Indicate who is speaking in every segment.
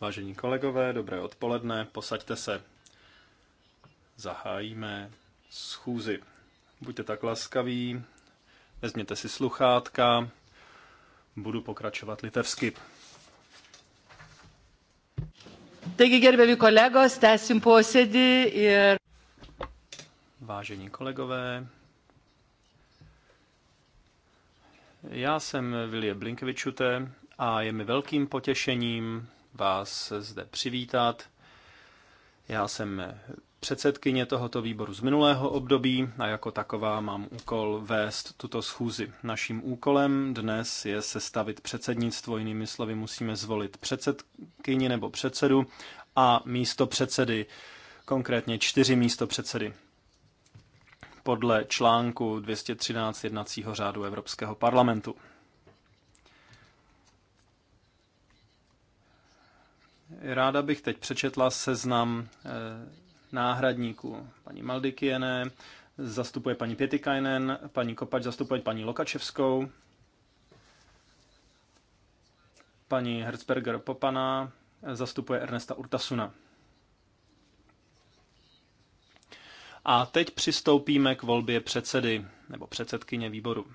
Speaker 1: Vážení kolegové, dobré odpoledne, posaďte se. Zahájíme schůzi. Buďte tak laskaví, vezměte si sluchátka, budu pokračovat litevsky. Taigi, gerbiami kolegos, tęsim posėdį ir... Vážení kolegové, Já jsem Vilie Blinkevičuté a je mi velkým potěšením vás zde přivítat. Já jsem předsedkyně tohoto výboru z minulého období a jako taková mám úkol vést tuto schůzi. Naším úkolem dnes je sestavit předsednictvo, jinými slovy musíme zvolit předsedkyni nebo předsedu a místo předsedy, konkrétně čtyři místo předsedy podle článku 213 jednacího řádu Evropského parlamentu. Ráda bych teď přečetla seznam eh, náhradníků. Paní Maldikiené zastupuje paní Pětikajnen, paní Kopač zastupuje paní Lokačevskou, paní Herzberger Popana zastupuje Ernesta Urtasuna. A teď přistoupíme k volbě předsedy nebo předsedkyně výboru.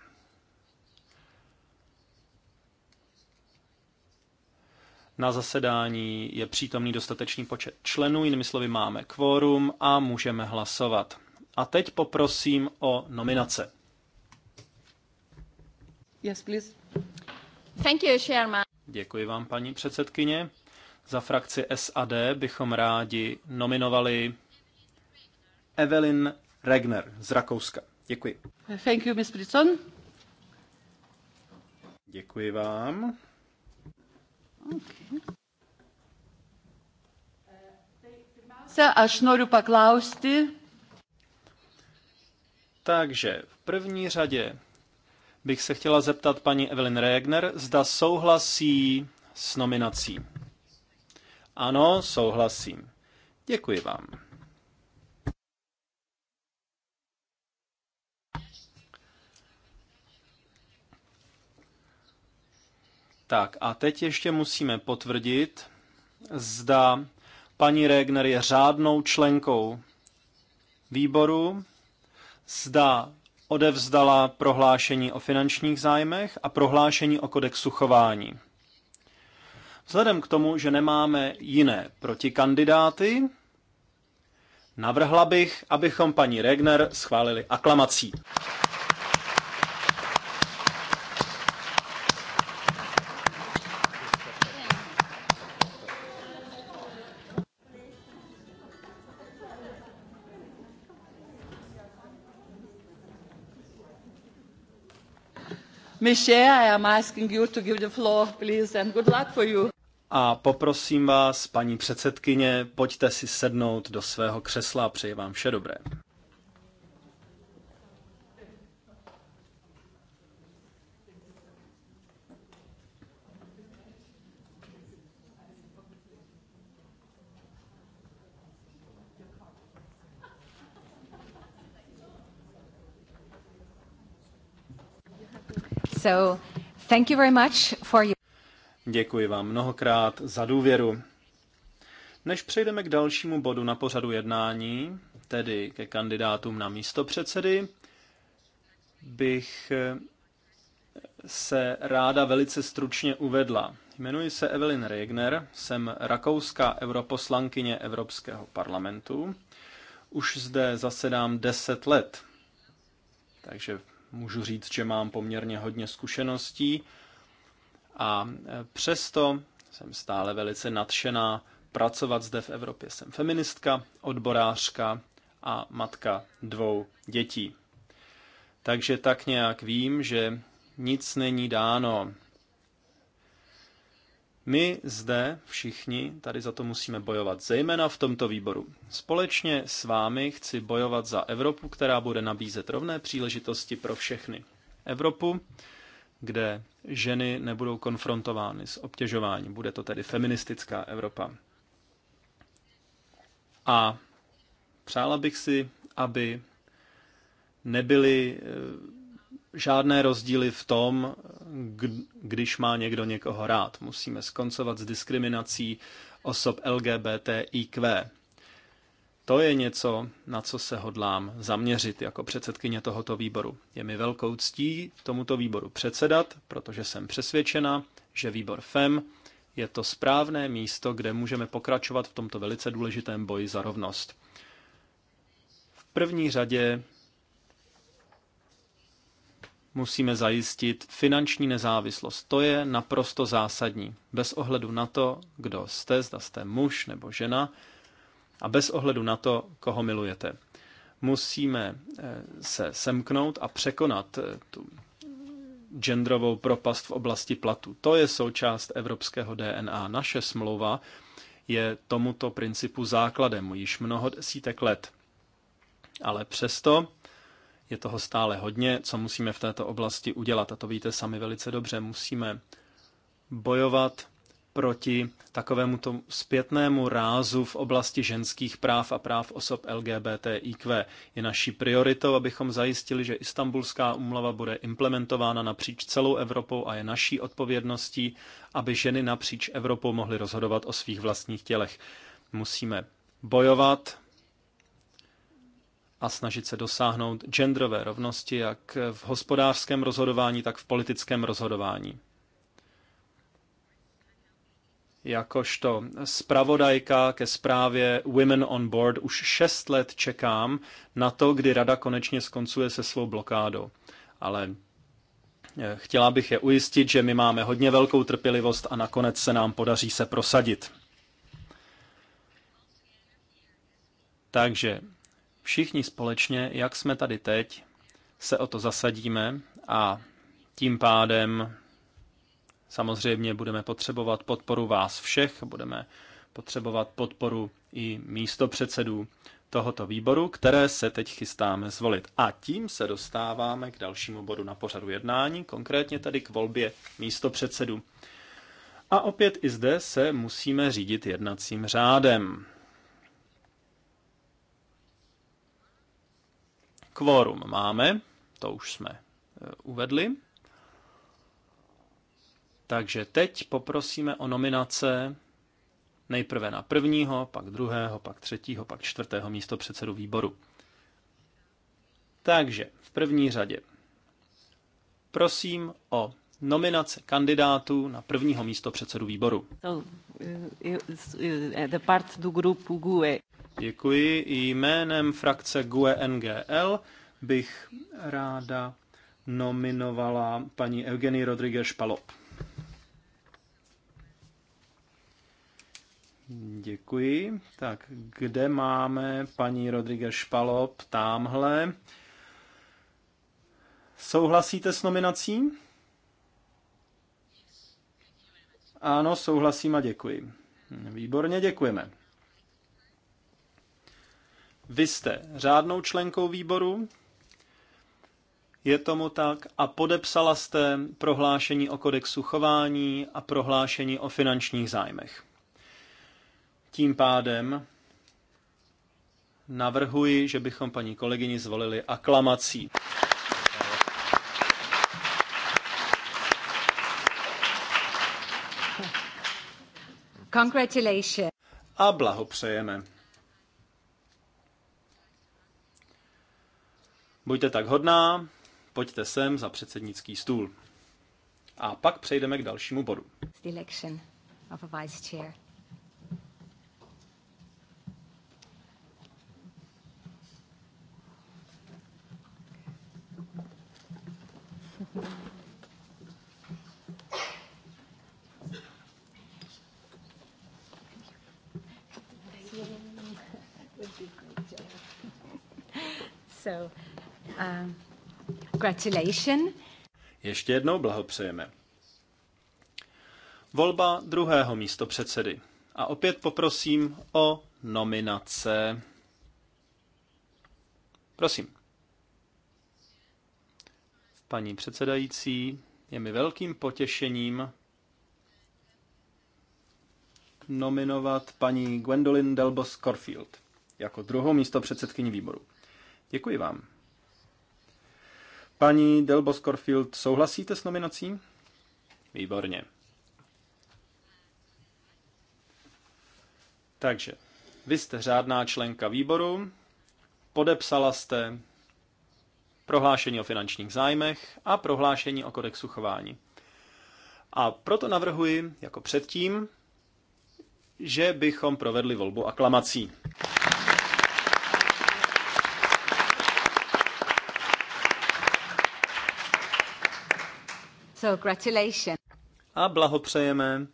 Speaker 1: Na zasedání je přítomný dostatečný počet členů, jinými slovy máme kvórum a můžeme hlasovat. A teď poprosím o nominace. Yes, please. Thank you, Chairman. Děkuji vám, paní předsedkyně. Za frakci SAD bychom rádi nominovali Evelyn Regner z Rakouska. Děkuji. Thank you, Ms. Britson. Děkuji vám. Okay. Pirmiausia, aš Takže v první řadě bych se chtěla zeptat paní Evelyn Regner, zda souhlasí s nominací. Ano, souhlasím. Děkuji vám. Tak a teď ještě musíme potvrdit, zda paní Regner je řádnou členkou výboru, zda odevzdala prohlášení o finančních zájmech a prohlášení o kodexu chování. Vzhledem k tomu, že nemáme jiné protikandidáty, navrhla bych, abychom paní Regner schválili aklamací. Michel, I am asking you to give the floor, please, and good luck for you. A poprosím vás, paní předsedkyně, pojďte si sednout do svého křesla a přeji vám vše dobré. So, thank you very much for Děkuji vám mnohokrát za důvěru. Než přejdeme k dalšímu bodu na pořadu jednání, tedy ke kandidátům na místo předsedy, bych eh, se ráda velice stručně uvedla. Jmenuji se Evelyn Regner, jsem rakouská europoslankyně Evropského parlamentu. Už zde zasedám 10 let, takže můžu říct, že mám poměrně hodně zkušeností a e, přesto jsem stále velice nadšená pracovat zde v Evropě. Jsem feministka, odborářka a matka dvou dětí. Takže tak nějak vím, že nic není dáno, my zde všichni tady za to musíme bojovat, zejména v tomto výboru. Společně s vámi chci bojovat za Evropu, která bude nabízet rovné příležitosti pro všechny. Evropu, kde ženy nebudou konfrontovány s obtěžováním. Bude to tedy feministická Evropa. A přála bych si, aby nebyly eh, žádné rozdíly v tom, když má někdo někoho rád. Musíme skoncovat s diskriminací osob LGBTIQ. To je něco, na co se hodlám zaměřit jako předsedkyně tohoto výboru. Je mi velkou ctí tomuto výboru předsedat, protože jsem přesvědčena, že výbor FEM je to správné místo, kde můžeme pokračovat v tomto velice důležitém boji za rovnost. V první řadě musíme zajistit finanční nezávislost. To je naprosto zásadní. Bez ohledu na to, kdo jste, zda jste muž nebo žena, a bez ohledu na to, koho milujete. Musíme eh, se semknout a překonat eh, tu genderovou propast v oblasti platu. To je součást evropského DNA. Naše smlouva je tomuto principu základem již mnoho desítek let. Ale přesto je toho stále hodně, co musíme v této oblasti udělat. A to víte sami velice dobře. Musíme bojovat proti takovému tomu zpětnému rázu v oblasti ženských práv a práv osob LGBTIQ. Je naší prioritou, abychom zajistili, že Istanbulská umlava bude implementována napříč celou Evropou a je naší odpovědností, aby ženy napříč Evropou mohly rozhodovat o svých vlastních tělech. Musíme bojovat a snažit se dosáhnout genderové rovnosti jak v hospodářském rozhodování, tak v politickém rozhodování. Jakožto zpravodajka ke zprávě Women on Board už šest let čekám na to, kdy rada konečně skoncuje se svou blokádou. Ale eh, chtěla bych je ujistit, že my máme hodně velkou trpělivost a nakonec se nám podaří se prosadit. Takže Všichni společně, jak jsme tady teď, se o to zasadíme a tím pádem samozřejmě budeme potřebovat podporu vás všech, budeme potřebovat podporu i místopředsedů tohoto výboru, které se teď chystáme zvolit. A tím se dostáváme k dalšímu bodu na pořadu jednání, konkrétně tedy k volbě místopředsedů. A opět i zde se musíme řídit jednacím řádem. Kvórum máme, to už jsme eh, uvedli. Takže teď poprosíme o nominace nejprve na prvního, pak druhého, pak třetího, pak čtvrtého místo předsedu výboru. Takže v první řadě prosím o nominace kandidátů na prvního místo předsedu výboru. Uh, uh, Děkuji. Jménem frakce GUE NGL bych ráda nominovala paní Eugenie Rodriguez Špalop. Děkuji. Tak kde máme paní Rodriguez Špalop? Tamhle. Souhlasíte s nominací? Ano, souhlasím a děkuji. Výborně, děkujeme. Vy jste řádnou členkou výboru, je tomu tak, a podepsala jste prohlášení o kodexu chování a prohlášení o finančních zájmech. Tím pádem navrhuji, že bychom paní kolegyni zvolili aklamací. Congratulations. A blahopřejeme. Buďte tak hodná, pojďte sem za předsednický stůl. A pak přejdeme k dalšímu bodu. Thank you. So, um, Ještě jednou blahopřejeme. Volba druhého místo předsedy. A opět poprosím o nominace. Prosím. Paní předsedající, je mi velkým potěšením nominovat paní Gwendolyn Delbos Corfield jako druhou místo předsedkyní výboru. Děkuji vám. Paní Delbo Scorfield, souhlasíte s nominací? Výborně. Takže, vy jste řádná členka výboru, podepsala jste prohlášení o finančních zájmech a prohlášení o kodexu chování. A proto navrhuji, jako předtím, že bychom provedli volbu aklamací. So gratulation. A blahopřejeme.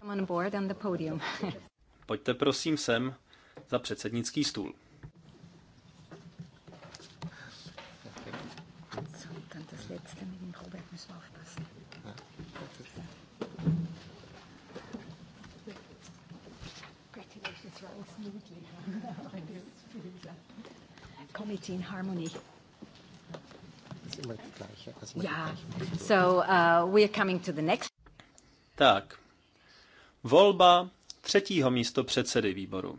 Speaker 1: Come on board on the podium. Pojďte prosím sem za předsednický stůl. Committee in harmony immer Gleiche. Also ja, Gleiche. so uh, we are coming to the next. Tak, volba třetího místo předsedy výboru.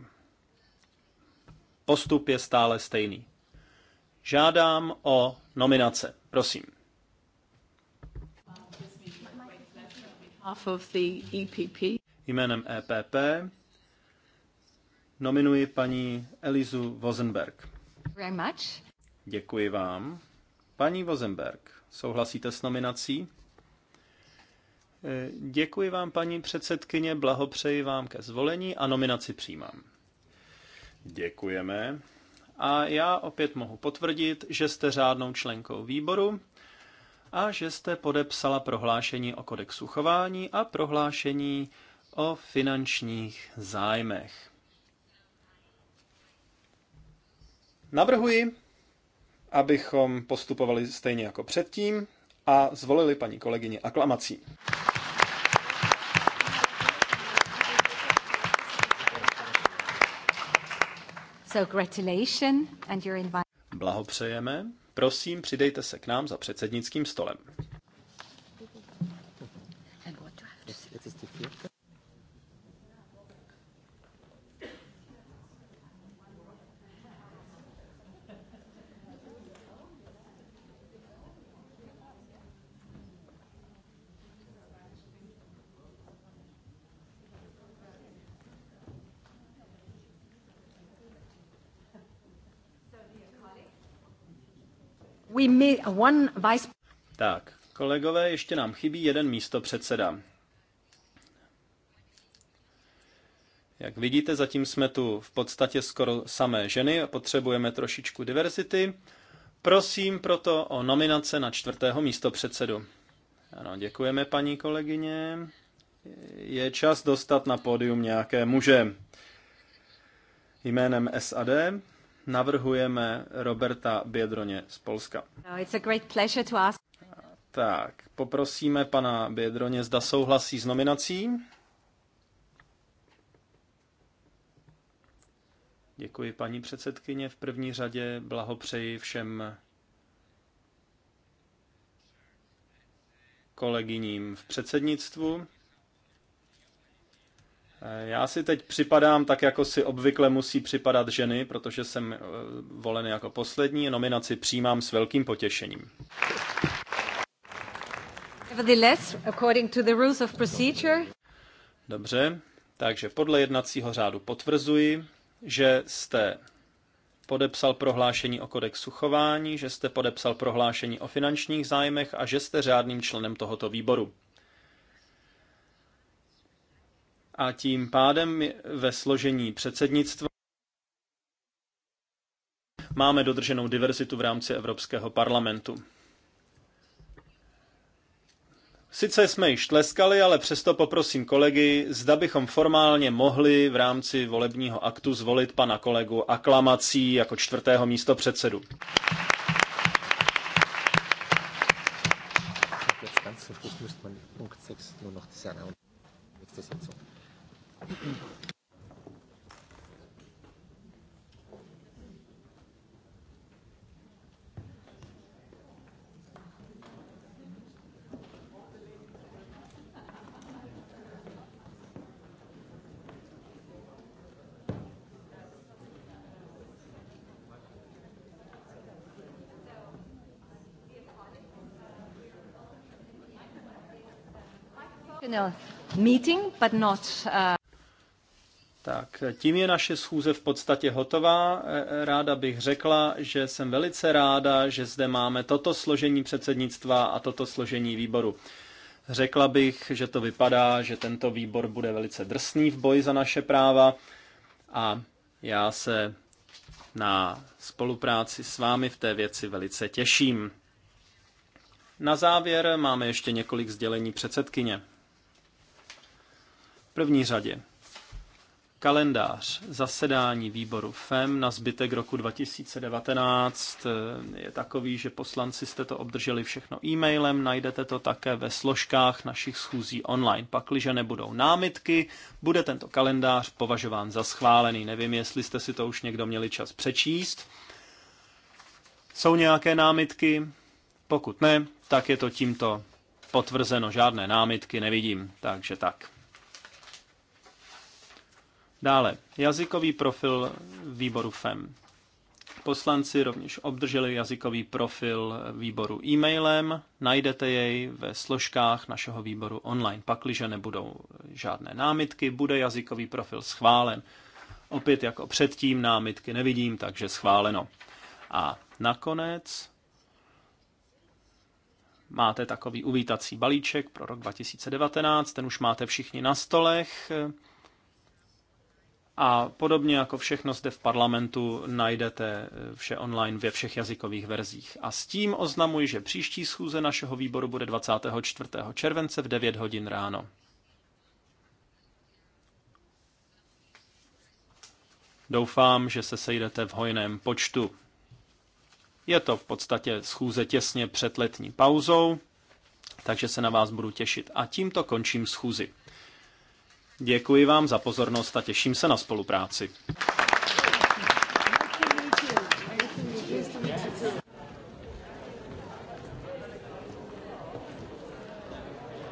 Speaker 1: Postup je stále stejný. Žádám o nominace. Prosím. Of the EPP. Jménem EPP nominuji paní Elizu Vozenberg. Very much. Děkuji vám. Paní Vozenberg, souhlasíte s nominací? Eh, děkuji vám, paní předsedkyně, blahopřeji vám ke zvolení a nominaci přijímám. Děkujeme. A já opět mohu potvrdit, že jste řádnou členkou výboru a že jste podepsala prohlášení o kodexu chování a prohlášení o finančních zájmech. Navrhuji, abychom postupovali stejně jako předtím a zvolili paní kolegyni aklamací. So and you're Blahopřejeme. Prosím, přidejte se k nám za předsednickým stolem. We one vice... Tak, kolegové, ještě nám chybí jeden místo předseda. Jak vidíte, zatím jsme tu v podstatě skoro samé ženy a potřebujeme trošičku diverzity. Prosím proto o nominace na čtvrtého místo předsedu. Ano, děkujeme paní kolegyně. Je čas dostat na pódium nějaké muže. Jménem SAD navrhujeme Roberta Biedroně z Polska. No, it's a great pleasure to ask. Tak, poprosíme pana Biedroně, zda souhlasí s nominací. Děkuji, paní předsedkyně. V první řadě blahopřeji všem kolegyním v předsednictvu. Já si teď připadám tak, jako si obvykle musí připadat ženy, protože jsem eh, volen jako poslední. Nominaci přijímám s velkým potěšením. Dobře, takže podle jednacího řádu potvrzuji, že jste podepsal prohlášení o kodexu chování, že jste podepsal prohlášení o finančních zájmech a že jste řádným členem tohoto výboru. a tím pádem ve složení předsednictva máme dodrženou diverzitu v rámci Evropského parlamentu. Sice jsme již tleskali, ale přesto poprosím kolegy, zda bychom formálně mohli v rámci volebního aktu zvolit pana kolegu aklamací jako čtvrtého místo předsedu. Jetzt das Uh, tak, tím je naše schůze v podstatě hotová. E, e, ráda bych řekla, že jsem velice ráda, že zde máme toto složení předsednictva a toto složení výboru. Řekla bych, že to vypadá, že tento výbor bude velice drsný v boji za naše práva a já se na spolupráci s vámi v té věci velice těším. Na závěr máme ještě několik sdělení předsedkyně první řadě kalendář zasedání výboru FEM na zbytek roku 2019 eh, je takový, že poslanci jste to obdrželi všechno e-mailem, najdete to také ve složkách našich schůzí online. Pakliže nebudou námitky, bude tento kalendář považován za schválený. Nevím, jestli jste si to už někdo měli čas přečíst. Jsou nějaké námitky? Pokud ne, tak je to tímto potvrzeno. Žádné námitky nevidím, takže tak. Dále, jazykový profil výboru FEM. Poslanci rovněž obdrželi jazykový profil výboru e-mailem, najdete jej ve složkách našeho výboru online. Pakliže nebudou žádné námitky, bude jazykový profil schválen. Opět jako předtím námitky nevidím, takže schváleno. A nakonec máte takový uvítací balíček pro rok 2019, ten už máte všichni na stolech. A podobně jako všechno zde v parlamentu najdete eh, vše online ve všech jazykových verzích. A s tím oznamuji, že příští schůze našeho výboru bude 24. července v 9 hodin ráno. Doufám, že se sejdete v hojném počtu. Je to v podstatě schůze těsně před letní pauzou, takže se na vás budu těšit. A tímto končím schůzi. Děkuji vám za pozornost a těším se na spolupráci.